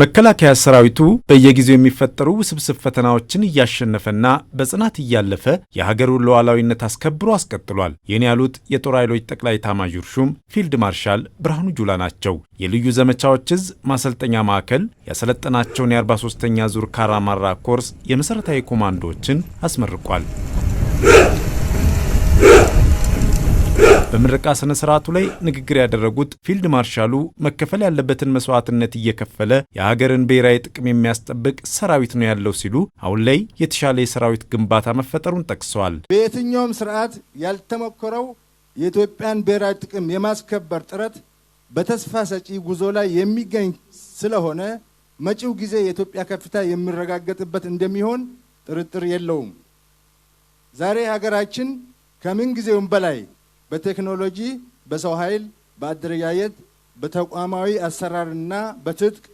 መከላከያ ሰራዊቱ በየጊዜው የሚፈጠሩ ውስብስብ ፈተናዎችን እያሸነፈና በጽናት እያለፈ የሀገሩን ሉዓላዊነት አስከብሮ አስቀጥሏል። ይህን ያሉት የጦር ኃይሎች ጠቅላይ ኤታማዦር ሹም ፊልድ ማርሻል ብርሃኑ ጁላ ናቸው። የልዩ ዘመቻዎች እዝ ማሰልጠኛ ማዕከል ያሰለጠናቸውን የ43ኛ ዙር ካራማራ ኮርስ የመሠረታዊ ኮማንዶዎችን አስመርቋል። በምረቃ ስነ ስርዓቱ ላይ ንግግር ያደረጉት ፊልድ ማርሻሉ መከፈል ያለበትን መስዋዕትነት እየከፈለ የሀገርን ብሔራዊ ጥቅም የሚያስጠብቅ ሰራዊት ነው ያለው ሲሉ አሁን ላይ የተሻለ የሰራዊት ግንባታ መፈጠሩን ጠቅሰዋል። በየትኛውም ስርዓት ያልተሞከረው የኢትዮጵያን ብሔራዊ ጥቅም የማስከበር ጥረት በተስፋ ሰጪ ጉዞ ላይ የሚገኝ ስለሆነ መጪው ጊዜ የኢትዮጵያ ከፍታ የሚረጋገጥበት እንደሚሆን ጥርጥር የለውም። ዛሬ ሀገራችን ከምን ጊዜውም በላይ በቴክኖሎጂ፣ በሰው ኃይል፣ በአደረጃጀት፣ በተቋማዊ አሰራርና በትጥቅ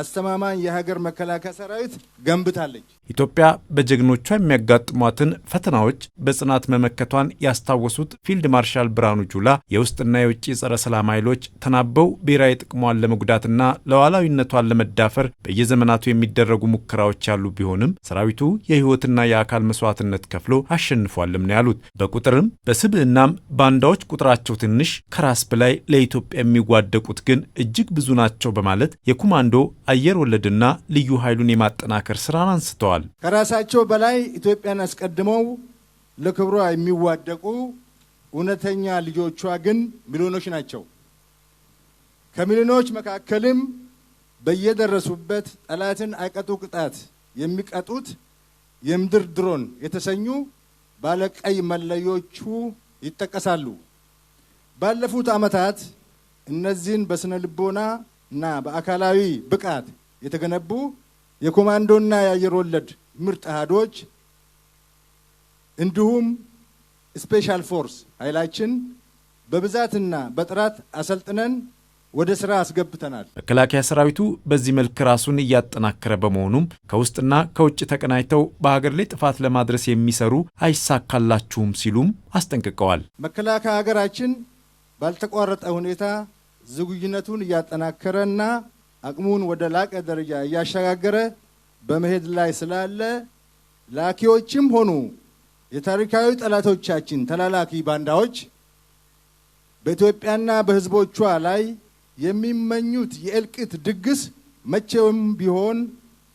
አስተማማኝ የሀገር መከላከያ ሰራዊት ገንብታለች። ኢትዮጵያ በጀግኖቿ የሚያጋጥሟትን ፈተናዎች በጽናት መመከቷን ያስታወሱት ፊልድ ማርሻል ብርሃኑ ጁላ የውስጥና የውጭ ጸረ ሰላም ኃይሎች ተናበው ብሔራዊ ጥቅሟን ለመጉዳትና ለዋላዊነቷን ለመዳፈር በየዘመናቱ የሚደረጉ ሙከራዎች ያሉ ቢሆንም ሰራዊቱ የሕይወትና የአካል መስዋዕትነት ከፍሎ አሸንፏልም ነው ያሉት። በቁጥርም በስብዕናም ባንዳዎች ቁጥራቸው ትንሽ ከራስ በላይ ለኢትዮጵያ የሚዋደቁት ግን እጅግ ብዙ ናቸው በማለት የኮማንዶ አየር ወለድና ልዩ ኃይሉን የማጠናከር ስራን አንስተዋል። ተናግረዋል። ከራሳቸው በላይ ኢትዮጵያን አስቀድመው ለክብሯ የሚዋደቁ እውነተኛ ልጆቿ ግን ሚሊዮኖች ናቸው። ከሚሊዮኖች መካከልም በየደረሱበት ጠላትን አይቀጡ ቅጣት የሚቀጡት የምድር ድሮን የተሰኙ ባለቀይ መለዮቹ ይጠቀሳሉ። ባለፉት ዓመታት እነዚህን በስነ ልቦና እና በአካላዊ ብቃት የተገነቡ የኮማንዶና የአየር ወለድ ምርጥ አሃዶች እንዲሁም ስፔሻል ፎርስ ኃይላችን በብዛትና በጥራት አሰልጥነን ወደ ስራ አስገብተናል። መከላከያ ሰራዊቱ በዚህ መልክ ራሱን እያጠናከረ በመሆኑም ከውስጥና ከውጭ ተቀናጅተው በሀገር ላይ ጥፋት ለማድረስ የሚሰሩ አይሳካላችሁም ሲሉም አስጠንቅቀዋል። መከላከያ ሀገራችን ባልተቋረጠ ሁኔታ ዝግጁነቱን እያጠናከረና አቅሙን ወደ ላቀ ደረጃ እያሸጋገረ በመሄድ ላይ ስላለ ላኪዎችም ሆኑ የታሪካዊ ጠላቶቻችን ተላላኪ ባንዳዎች በኢትዮጵያና በሕዝቦቿ ላይ የሚመኙት የእልቅት ድግስ መቼውም ቢሆን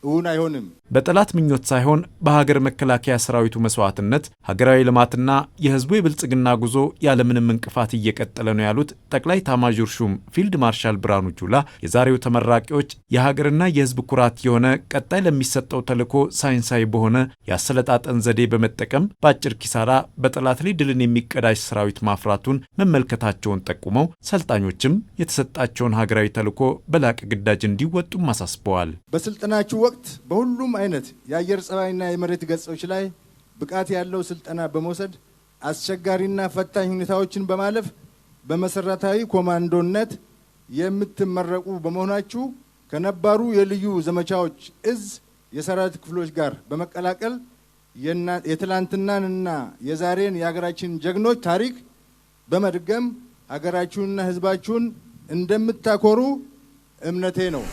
እውን አይሆንም። በጠላት ምኞት ሳይሆን በሀገር መከላከያ ሰራዊቱ መስዋዕትነት ሀገራዊ ልማትና የህዝቡ የብልጽግና ጉዞ ያለምንም እንቅፋት እየቀጠለ ነው ያሉት ጠቅላይ ታማዦር ሹም ፊልድ ማርሻል ብርሃኑ ጁላ የዛሬው ተመራቂዎች የሀገርና የህዝብ ኩራት የሆነ ቀጣይ ለሚሰጠው ተልዕኮ ሳይንሳዊ በሆነ የአሰለጣጠን ዘዴ በመጠቀም በአጭር ኪሳራ በጠላት ላይ ድልን የሚቀዳጅ ሰራዊት ማፍራቱን መመልከታቸውን ጠቁመው ሰልጣኞችም የተሰጣቸውን ሀገራዊ ተልዕኮ በላቀ ግዳጅ እንዲወጡም አሳስበዋል። በስልጠናችሁ ወቅት በሁሉም አይነት የአየር ጸባይና የመሬት ገጾች ላይ ብቃት ያለው ስልጠና በመውሰድ አስቸጋሪና ፈታኝ ሁኔታዎችን በማለፍ በመሰረታዊ ኮማንዶነት የምትመረቁ በመሆናችሁ ከነባሩ የልዩ ዘመቻዎች እዝ የሰራዊት ክፍሎች ጋር በመቀላቀል የትላንትናንና የዛሬን የሀገራችን ጀግኖች ታሪክ በመድገም ሀገራችሁንና ሕዝባችሁን እንደምታኮሩ እምነቴ ነው።